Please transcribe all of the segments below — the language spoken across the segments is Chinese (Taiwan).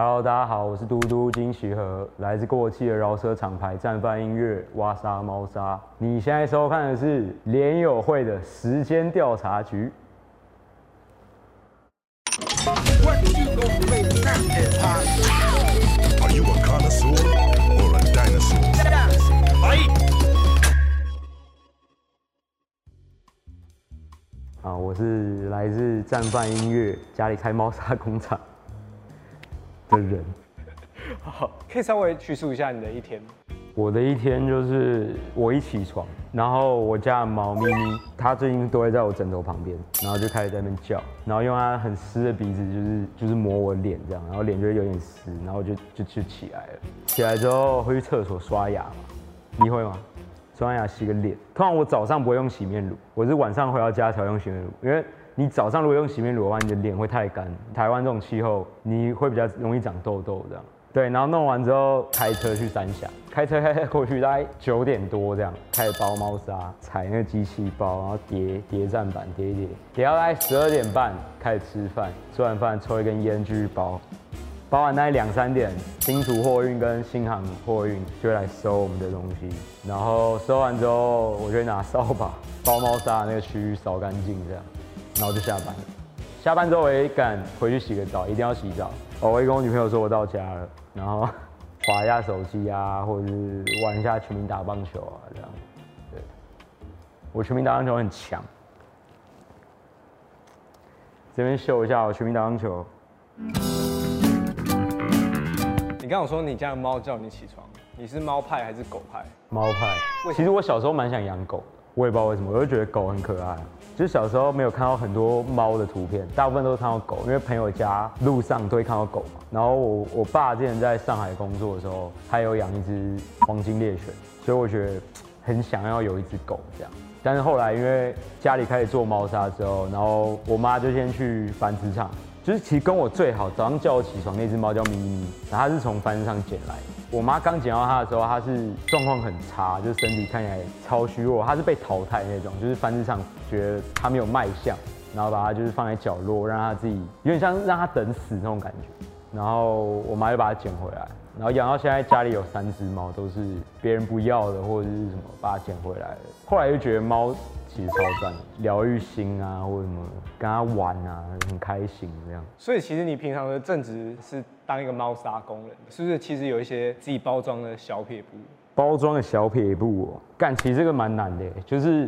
Hello，大家好，我是嘟嘟金其禾，來自過氣的饒舌廠牌戰犯音樂挖沙貓砂。你現在收看的是聯友會的時間調查局。Are you a connoisseur or a dinosaur？啊，我是來自戰犯音樂，家裡開貓砂工廠。的人，好，可以稍微敘述一下你的一天。我的一天就是我一起床，然後我家的貓咪咪，它最近都會在我枕頭旁邊，然後就開始在那邊叫，然後用它很濕的鼻子，就是就是抹我臉這樣，然後臉就會有點濕，然後就就就起來了。起來之後會去廁所刷牙嘛，你會嗎？刷完牙洗個臉。通常我早上不會用洗面乳，我是晚上回到家才會用洗面乳，因為。你早上如果用洗面乳的話，你的臉會太乾。台灣這種氣候，你會比較容易長痘痘這樣。對，然後弄完之後開車去三峽，開車開過去大概九點多這樣，開始包貓砂，踩那個機器包，然後疊疊棧板疊一疊，疊到大概十二點半開始吃飯。吃完飯抽一根菸繼續包，包完大概兩三點，新竹貨運跟新航貨運就會來收我們的東西。然後收完之後，我就會拿掃把包貓砂的那個區域掃乾淨這樣。然後就下班，下班之後我也趕回去洗個澡，一定要洗澡。我會跟我女朋友說我到家了，然後滑一下手機啊，或者是玩一下全民打棒球啊這樣。對，我全民打棒球很強，這邊秀一下我全民打棒球。嗯、你剛剛說你家的貓叫你起床，你是貓派還是狗派？貓派。其實我小時候蠻想養狗。我也不知道為什麼，我就覺得狗很可愛。就是小時候沒有看到很多貓的圖片，大部分都是看到狗，因為朋友家路上都會看到狗嘛。然後我我爸之前在上海工作的時候，他有養一只黃金獵犬，所以我覺得很想要有一只狗這樣。但是後來因為家裡開始做貓砂之後，然後我媽就先去繁殖場。就是其實跟我最好、早上叫我起床那隻貓叫咪咪，然後它是從繁殖場撿來。我媽剛撿到它的時候，它是狀況很差，就是身體看起來超虛弱，它是被淘汰那種，就是繁殖場覺得它沒有賣相，然後把它就是放在角落，讓它自己有點像讓它等死那種感覺。然後我媽又把它撿回來，然後養到現在家裡有三隻貓，都是別人不要的或者是什麼把它撿回來的。後來又覺得貓。其實超讚，療癒心啊，或什麼，跟他玩啊，很開心這樣。所以其實你平常的正職，是當一個貓砂工人，是不是？其實有一些自己包裝的小撇步。包裝的小撇步、哦，幹，其實這個蠻難的，就是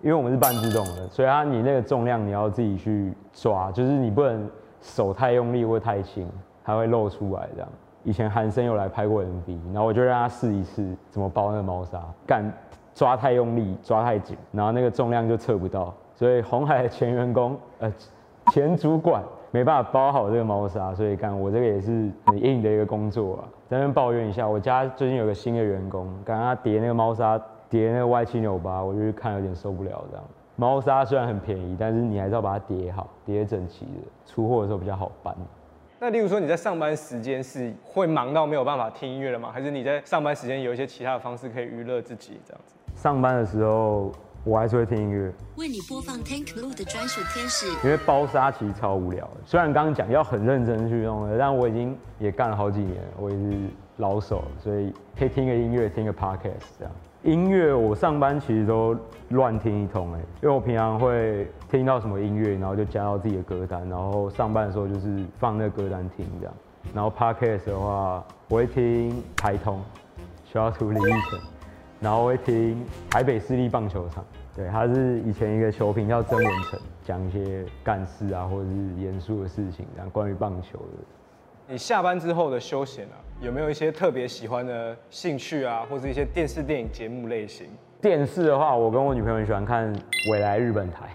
因為我們是半自動的，所以啊，你那個重量你要自己去抓，就是你不能手太用力或太輕，它會露出來這樣。以前韓森有來拍過 MV，然後我就讓他試一試怎麼包那個貓砂，幹。抓太用力，抓太緊，然後那個重量就測不到，所以鴻海的前員工，呃，前主管沒辦法包好這個貓砂，所以幹我這個也是很硬的一個工作啊，在那邊抱怨一下。我家最近有個新的員工，剛剛他疊那個貓砂，疊那個歪七扭八，我就是看有點受不了這樣。貓砂雖然很便宜，但是你還是要把它疊好，疊整齊的，出貨的時候比較好搬。那例如說你在上班時間是會忙到沒有辦法聽音樂了嗎？還是你在上班時間有一些其他的方式可以娛樂自己這樣子？上班的時候，我還是會聽音樂。為你播放 Tank Lu 的專屬天使。因為包砂其實超無聊，雖然剛剛講要很認真去弄的，但我已經也幹了好幾年，我也是老手，所以可以聽個音樂，聽個 podcast 這樣。音樂我上班其實都亂聽一通哎、欸，因為我平常會聽到什麼音樂，然後就加到自己的歌單，然後上班的時候就是放那個歌單聽這樣。然後 podcast 的話，我會聽台通，消除林依晨。然後我會聽台北市立棒球場，對，它是以前一個球評叫曾文誠，講一些幹事啊或者是嚴肅的事情，然後關於棒球的。你下班之後的休閒呢、啊，有沒有一些特別喜歡的興趣啊，或者是一些電視電影節目類型？電視的話，我跟我女朋友喜歡看緯來日本台。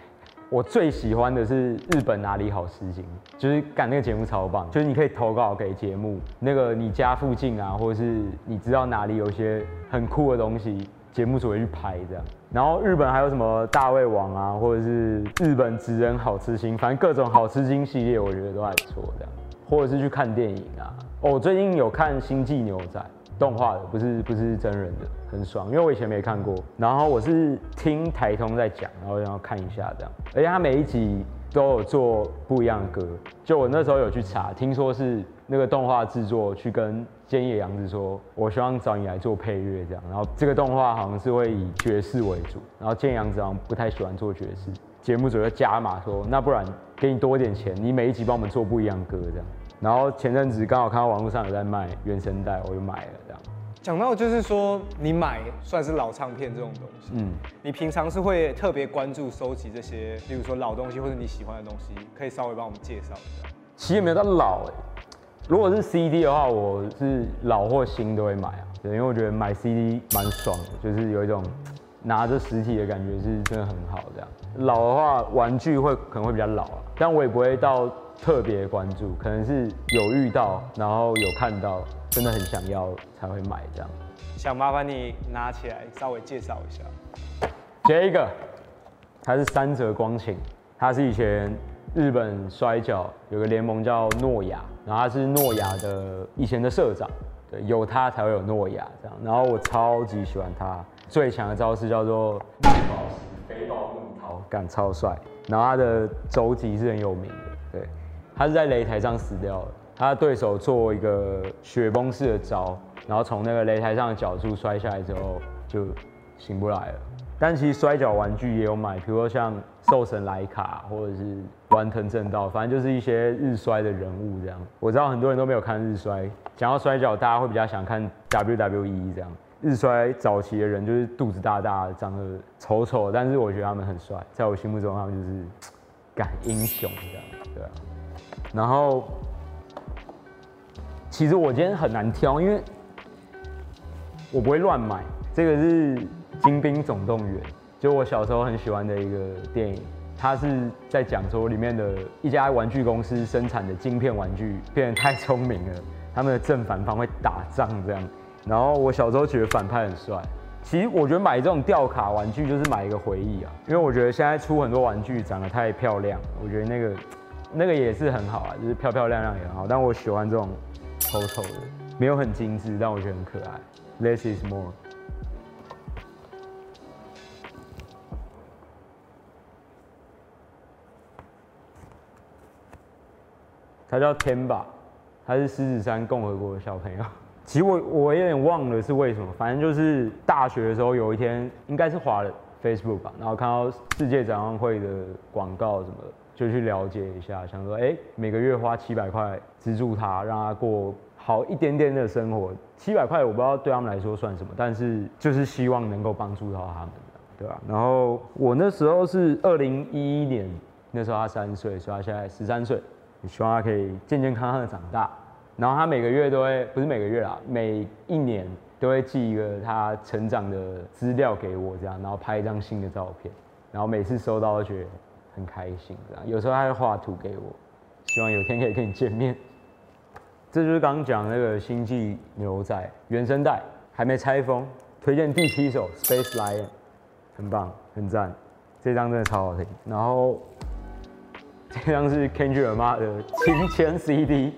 我最喜歡的是日本哪裡好吃驚，就是趕那個節目超棒。就是你可以投稿給節目，那個你家附近啊，或者是你知道哪裡有一些很酷的東西，節目組會去拍這樣。然後日本還有什麼大胃王啊，或者是日本職人好吃驚，反正各種好吃驚系列，我覺得都還不錯這樣。或者是去看電影啊，哦，我最近有看《星際牛仔》。動畫的，不是不是真人的，很爽，因為我以前沒看過，然後我是聽台通在講，然後然後看一下這樣，而且他每一集都有做不一樣的歌，就我那時候有去查，聽說是那個動畫制作去跟菅野洋子說，我希望找你來做配樂這樣，然後這個動畫好像是會以爵士為主，然後菅野洋子好像不太喜歡做爵士，節目組就加碼說，那不然給你多一點錢，你每一集幫我們做不一樣的歌這樣，然後前陣子剛好看到網絡上有在賣原聲帶，我就買了。講到就是說，你買算是老唱片這種東西，嗯，你平常是會特別關注收集這些，比如說老東西或者你喜歡的東西，可以稍微幫我們介紹一下？其實沒有到老欸，如果是 CD 的話，我是老或新都會買啊，對，因為我覺得買 CD 蠻爽的，就是有一種拿着實體的感覺是真的很好。這樣老的話，玩具會可能會比較老啊，但我也不會到。特別關注，可能是有遇到，然後有看到，真的很想要才會買這樣。想麻煩你拿起來，稍微介紹一下。這一個，他是三澤光晴，他是以前日本摔角有個聯盟叫諾亞，然後他是諾亞的以前的社長，對，有他才會有諾亞這樣。然後我超級喜歡他，最強的招式叫做綠寶石飛豹棍桃感超帥。然後他的肘擊是很有名的，對。他是在擂台上死掉的。他的對手做一個雪崩式的招，然後從那個擂台上的角度摔下來之後就醒不來了。但其實摔角玩具也有買，比如說像獸神萊卡或者是丸藤正道，反正就是一些日摔的人物這樣。我知道很多人都沒有看日摔，講到摔角大家會比較想看 WWE 這樣。日摔早期的人就是肚子大大、長得醜醜，但是我覺得他們很帥，在我心目中他們就是感英雄這樣，對啊。然後，其實我今天很難挑，因為我不會亂買。這個是《精兵總動員》，就我小時候很喜歡的一個電影。它是在講說，裡面的一家玩具公司生產的晶片玩具變得太聰明了，他們的正反方會打仗這樣。然後我小時候覺得反派很帥。其實我覺得買這種吊卡玩具就是買一個回憶啊，因為我覺得現在出很多玩具長得太漂亮了，我覺得那個。那個也是很好啊，就是漂漂亮亮也很好，但我喜歡這種醜丑的，沒有很精緻，但我覺得很可愛。Less is more。他叫天吧，他是獅子山共和國的小朋友。其實我我有點忘了是為什麼，反正就是大學的時候有一天，應該是滑了 Facebook 吧，然後看到世界展望會的廣告什麼的，就去了解一下，想說誒、欸，每個月花七百塊資助他，讓他過好一點點的生活。七百塊我不知道對他們來說算什麼，但是就是希望能夠幫助到他們的，對吧、啊？然後我那時候是二零一一年，那時候他三歲，所以他現在十三歲。希望他可以健健康康的長大。然後他每個月都會，不是每個月啦，每一年都會寄一個他成長的資料給我，這樣，然後拍一張新的照片，然後每次收到都覺得。很開心，啊、有時候他會畫圖給我，希望有天可以跟你見面。這就是剛講那個星際牛仔原聲帶，還沒拆封，推薦第七首《Space Lion》，很棒，很讚，這張真的超好聽。然後這張是 Kendrick Lamar 的親簽 CD，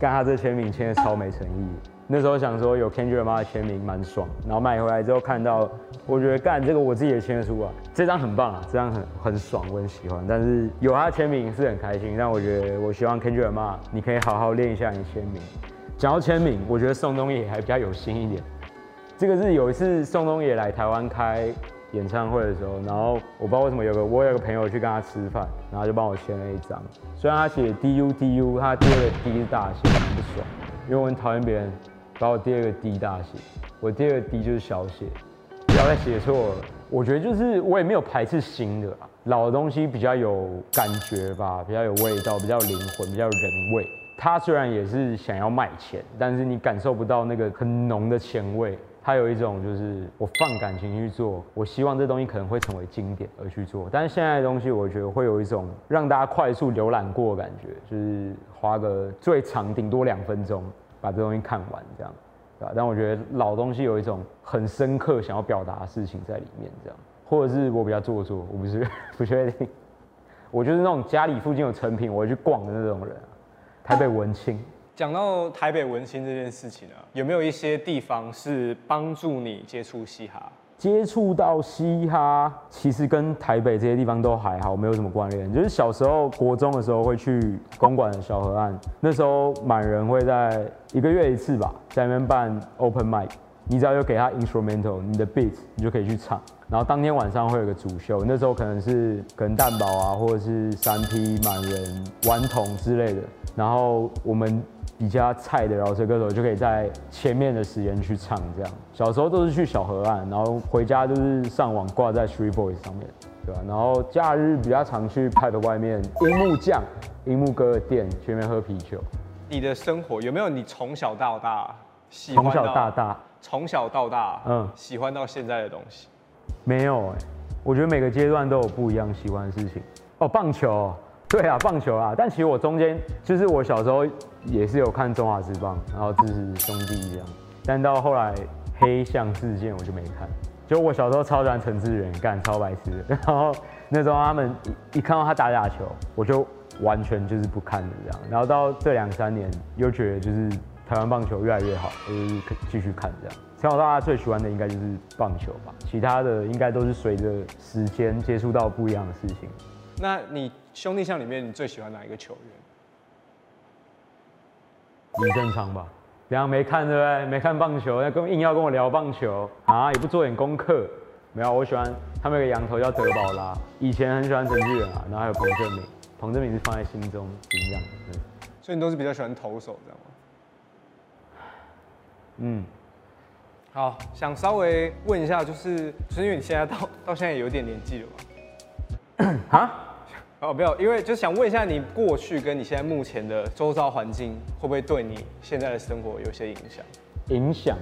看他這簽名簽的超沒誠意。那時候想說有 Kendrick Lamar 的簽名蠻爽，然後買回來之後看到，我覺得幹，這個我自己也簽書啊，這張很棒啊這張很，這張很很爽，我很喜歡。但是有他的簽名是很開心，但我覺得，我希望 Kendrick Lamar 你可以好好練一下你簽名。講到簽名，我覺得宋冬野還比較有心一點。這個是有一次宋冬野來台灣開演唱會的時候，然後我不知道為什麼有個我有個朋友去跟他吃飯，然後就幫我簽了一張。雖然他寫 DU DU，他第一個 D 是大寫，很爽，因為我很討厭別人把我第二個 D 大寫，我第二個 D 就是小寫，不要再寫錯了。我覺得就是我也沒有排斥新的老的東西，比較有感覺吧，比較有味道，比較有靈魂，比較有人味。它雖然也是想要賣錢，但是你感受不到那個很濃的前味。它有一種就是我放感情去做，我希望這東西可能會成為經典而去做。但是現在的東西，我覺得會有一種讓大家快速瀏覽過的感覺，就是花個最長頂多兩分鐘。把這東西看完，這樣，對吧？但我覺得老東西有一種很深刻想要表達的事情在裡面，這樣，或者是我比較做作，我不是不確定。我就是那種家裡附近有成品，我會去逛的那種人，啊，台北文青，講到台北文青這件事情呢、啊，有沒有一些地方是幫助你接觸嘻哈？接觸到嘻哈，其實跟台北這些地方都還好，沒有什麼關聯。就是小時候國中的時候會去公館小河岸，那時候滿人會在一個月一次吧，在裡面辦 open mic，你只要就給他 instrumental，你的 beat，你就可以去唱。然後當天晚上會有個主秀，那時候可能是可能蛋堡啊，或者是參劈滿人、頑童之類的。然後我們比較菜的饒舌歌手就可以在前面的時間去唱這樣。小時候都是去小河岸，然後回家就是上網掛在 Three Boys 上面，對吧、啊。然後假日比較常去派的外面櫻木匠、櫻木哥的店前面喝啤酒。你的生活有沒有你從小到大喜歡？從小，大大從小到大，從小到大，嗯，喜歡到現在的東西？嗯、沒有哎、欸，我覺得每個階段都有不一樣喜歡的事情。哦，棒球。對啊，棒球啊，但其實我中間就是我小時候也是有看中華職棒，然後支持兄弟這樣，但到後來黑象事件我就沒看。就我小時候超喜歡陳致遠，幹超白痴，然後那時候他們一,一看到他打，打打球，我就完全就是不看的這樣。然後到這兩三年又覺得就是台灣棒球越來越好，我就繼續看這樣。像我大家最喜歡的應該就是棒球吧，其他的應該都是隨着時間接觸到不一樣的事情。那你兄弟象裡面，你最喜歡哪一個球員？很正常吧，平常沒看對不對？沒看棒球，要跟硬要跟我聊棒球啊？也不做點功課，沒有。我喜歡他們一個洋投叫德保拉，以前很喜歡陳致遠啊，然後還有彭政閔，彭政閔是放在心中一樣，對，所以你都是比較喜歡投手，這樣嗎？嗯，好，想稍微問一下，就是，是因為你現在到到現在也有點年紀了嗎？ 哦，沒有，因為就想問一下你過去跟你現在目前的周遭環境，會不會對你現在的生活有些影響？影響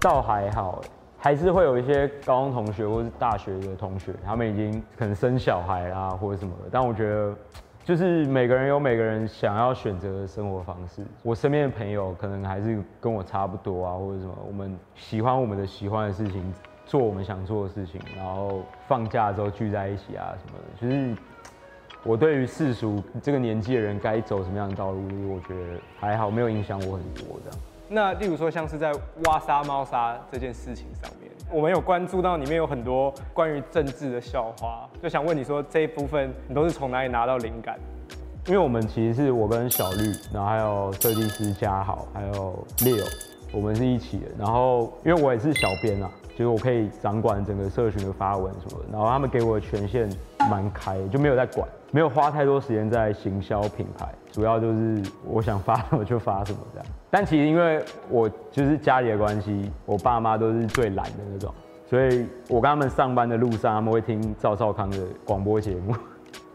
倒還好，還是會有一些高中同學或是大學的同學，他們已經可能生小孩啦，或者什麼的。但我覺得，就是每個人有每個人想要選擇的生活方式。我身邊的朋友可能還是跟我差不多啊，或者什麼。我們喜歡我們的喜歡的事情，做我們想做的事情，然後放假之後聚在一起啊，什麼的，就是。我對於世俗這個年紀的人該走什麽樣的道路，我覺得還好，沒有影響我很多這樣。那例如說像是在挖沙貓砂這件事情上面，我們有關注到裡面有很多關於政治的笑話，就想問你說這一部分你都是從哪裡拿到靈感？因為我們其實是我跟小綠，然後還有設計師嘉豪，還有 Leo，我們是一起的。然後因為我也是小編啊。就是我可以掌管整個社群的發文什麼的，然後他們給我的權限蠻開，就沒有在管，沒有花太多時間在行銷品牌，主要就是我想發什麼就發什麼這樣。但其實因為我就是家裡的關係，我爸媽都是最懶的那種，所以我跟他們上班的路上，他們會聽趙少康的廣播節目，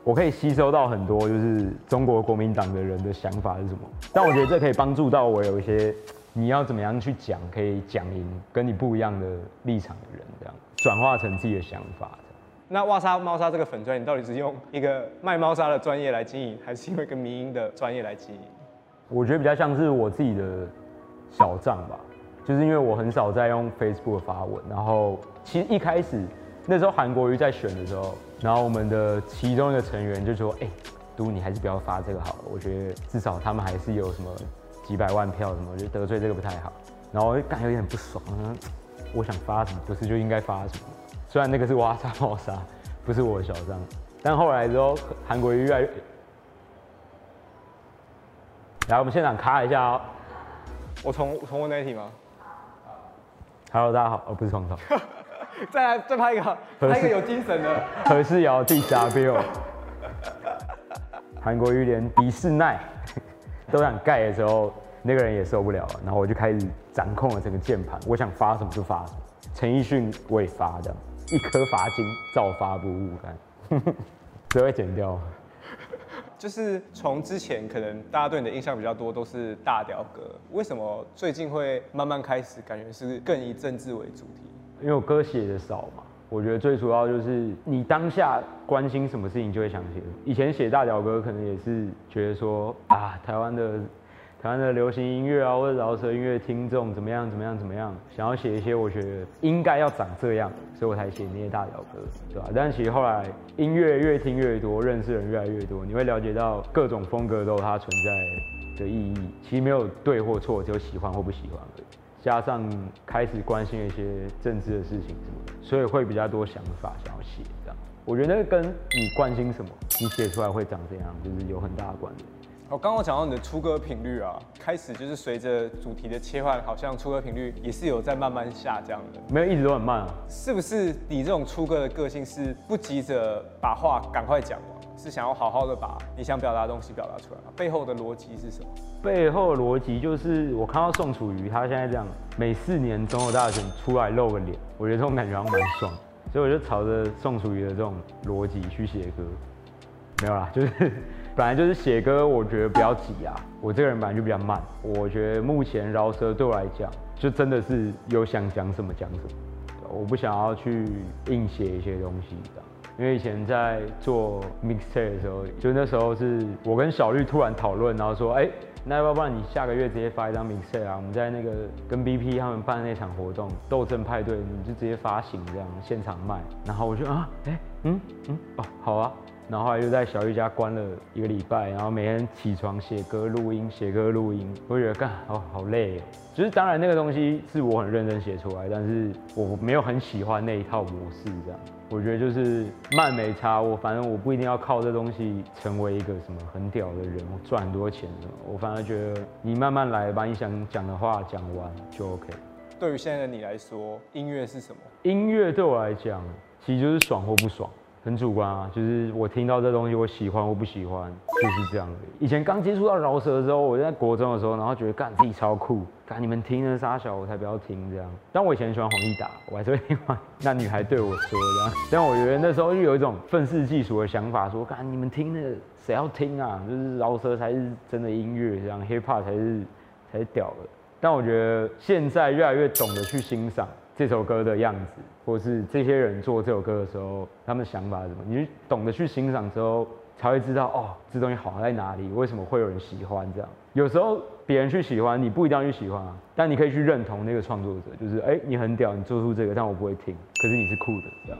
我可以吸收到很多就是中國國民黨的人的想法是什麼。但我覺得這可以幫助到我有一些。你要怎麼樣去講，可以講贏跟你不一樣的立場的人，這樣轉化成自己的想法。那哇，砂貓砂這個粉專，你到底是用一個賣貓砂的專業來經營，還是用一個民營的專業來經營？我覺得比較像是我自己的小賬吧，就是因為我很少在用 Facebook 發文。然後其實一開始那時候韓國瑜在選的時候，然後我們的其中一個成員就說：“哎，嘟你還是不要發這個好了，我覺得至少他們還是有什麼。”幾百萬票什麼？我覺得得罪這個不太好，然後我感覺有點不爽。我想發什麼，不是就應該發什麼？雖然那個是挖沙暴沙，不是我的小張。但後來之後，韓國瑜越來越……來，我們現場卡一下哦、喔。我從，我從問那一題嗎？Hello，大家好，哦不是創造。 再來再拍一個，拍一個有精神的何世堯地下飛韓國瑜連迪士尼。都想蓋的時候，那個人也受不了，了，然後我就開始掌控了整個鍵盤，我想發什麼就發什麼。陳奕迅我也發這樣，一顆罰金照發不誤，幹，只會剪掉。就是從之前可能大家對你的印象比較多都是大屌哥，為什麼最近會慢慢開始感覺是更以政治為主題？因為我歌寫的少嘛。我覺得最主要就是你當下關心什麼事情就會想寫。以前寫大屌歌可能也是覺得說啊，台灣的台灣的流行音樂啊，或者饒舌音樂聽眾怎麼樣怎麼樣怎麼樣，想要寫一些我覺得應該要長這樣，所以我才寫那些大屌歌，對吧、啊？但是其實後來音樂越聽越多，認識人越來越多，你會了解到各種風格都有它存在的意義，其實沒有對或錯，只有喜歡或不喜歡而已。加上開始關心一些政治的事情什麼的，所以會比較多想法想要寫這樣。我覺得跟你關心什麼，你寫出來會長怎樣，就是有很大的關聯。哦，剛剛，我剛剛講到你的出歌頻率啊，開始就是隨着主題的切換，好像出歌頻率也是有在慢慢下降的。沒有，一直都很慢啊？是不是你這種出歌的個性是不急着把話趕快講？是想要好好的把你想表達的東西表達出來嗎？背後的邏輯是什麼？背後的邏輯就是我看到宋楚瑜他現在這樣，每四年總有大選出來露個臉，我覺得這種感覺好像蠻爽，所以我就朝着宋楚瑜的這種邏輯去寫歌。沒有啦，就是本來就是寫歌，我覺得比較急啊，我這個人本來就比較慢。我覺得目前饒舌對我來講，就真的是有想講什麼講什麼，我不想要去硬寫一些東西，知道。因為以前在做 mixtape、er、的時候，就那時候是我跟小綠突然討論，然後說，哎、欸，那要不然你下個月直接發一張 mixtape、er、啊？我們在那個跟 BP 他們辦那場活動，鬥陣派對，你們就直接發行，這樣現場賣。然後我就啊，哎、欸，嗯嗯，哦、啊，好啊。然後又在小玉家關了一個禮拜，然後每天起床寫歌、錄音、寫歌、錄音。我覺得幹哦，好累。就是當然那個東西是我很認真寫出來，但是我沒有很喜歡那一套模式這樣。我覺得就是慢沒差，我反正我不一定要靠這東西成為一個什麼很屌的人，我賺很多錢。我反而覺得你慢慢來，把你想講的話講完就 OK。對於現在的你來說，音樂是什麼？音樂對我來講，其實就是爽或不爽。很主觀啊，就是我聽到這東西，我喜歡，我不喜歡，就是這樣。以前剛接觸到饒舌的時候，我在國中的時候，然後覺得，幹，自己超酷，幹，你們聽的傻小，我才不要聽這樣。但我以前喜歡黃義達，我還是會聽完。那女孩對我說這樣，但我覺得那時候就有一種憤世嫉俗的想法，說，幹，你們聽的誰要聽啊？就是饒舌才是真的音樂，這樣，hiphop 才是，才是屌的。但我覺得現在越來越懂得去欣賞。這首歌的樣子，或是這些人做這首歌的時候，他們的想法是什麼？你懂得去欣賞之後，才會知道哦，這東西好在哪裡，為什麼會有人喜歡這樣？有時候別人去喜歡，你不一定要去喜歡啊，但你可以去認同那個創作者，就是哎，你很屌，你做出這個，但我不會聽，可是你是酷的，這樣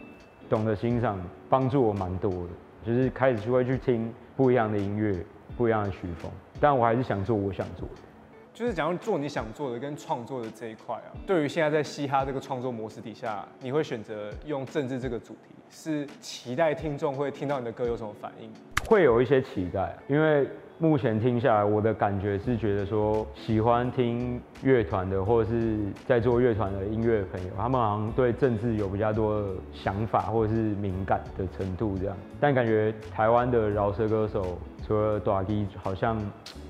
懂得欣賞，幫助我蠻多的，就是開始就會去聽不一樣的音樂，不一樣的曲風，但我還是想做我想做的。就是講做你想做的跟創作的這一塊啊，對於現在在嘻哈這個創作模式底下，你會選擇用政治這個主題？是期待聽眾會聽到你的歌有什麼反應？會有一些期待，因為目前聽下來，我的感覺是覺得說，喜歡聽樂團的或者是在做樂團的音樂的朋友，他們好像對政治有比較多的想法或者是敏感的程度這樣。但感覺台灣的饒舌歌手，除了大支好像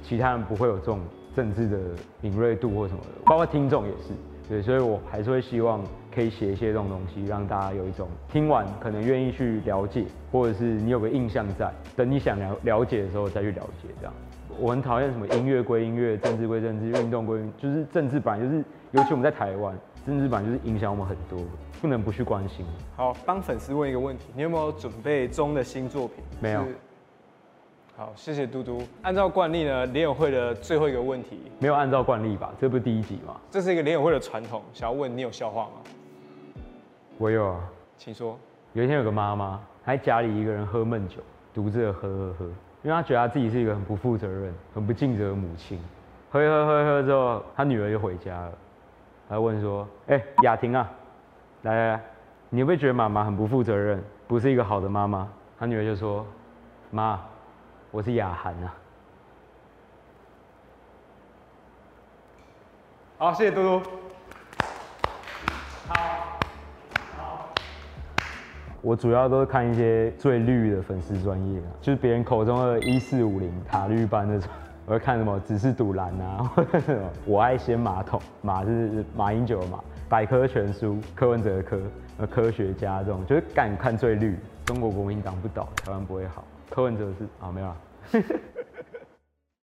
其他人不會有這種。政治的敏銳度或什麼的，包括聽眾也是，對，所以我還是會希望可以寫一些這種東西，讓大家有一種聽完可能願意去了解，或者是你有個印象在，等你想了了解的時候再去了解。這樣，我很討厭什麼音樂歸音樂，政治歸政治，運動歸運動，就是政治，本來，就是，尤其我們在台灣，政治本來就是影響我們很多，不能不去關心。好，幫粉絲問一個問題，你有沒有準備中的新作品？沒有。好，謝謝嘟嘟。按照慣例呢，連友會的最後一個問題，沒有按照慣例吧？這不是第一集嗎？這是一個連友會的傳統，想要問你有笑話嗎？我有啊，請說。有一天有個媽媽在家裡一個人喝悶酒，獨自的喝喝喝，因為她覺得她自己是一個很不負責任、很不盡責的母親。喝一喝喝一喝之後，她女兒就回家了，她問說：“哎、欸，雅婷啊，來來來，你會不會覺得媽媽很不負責任，不是一個好的媽媽？”她女兒就說：“媽。”我是雅涵啊，好，謝謝嘟嘟。好，好。我主要都是看一些最綠的粉絲專頁，就是別人口中的一四五零塔綠班那種。我會看什麼只是堵藍啊，我愛掀馬桶，馬是馬英九的馬，百科全書柯文哲的柯，科學家這種，就是敢看最綠，中國國民黨不倒，台灣不會好。柯文哲是啊、哦，沒有了。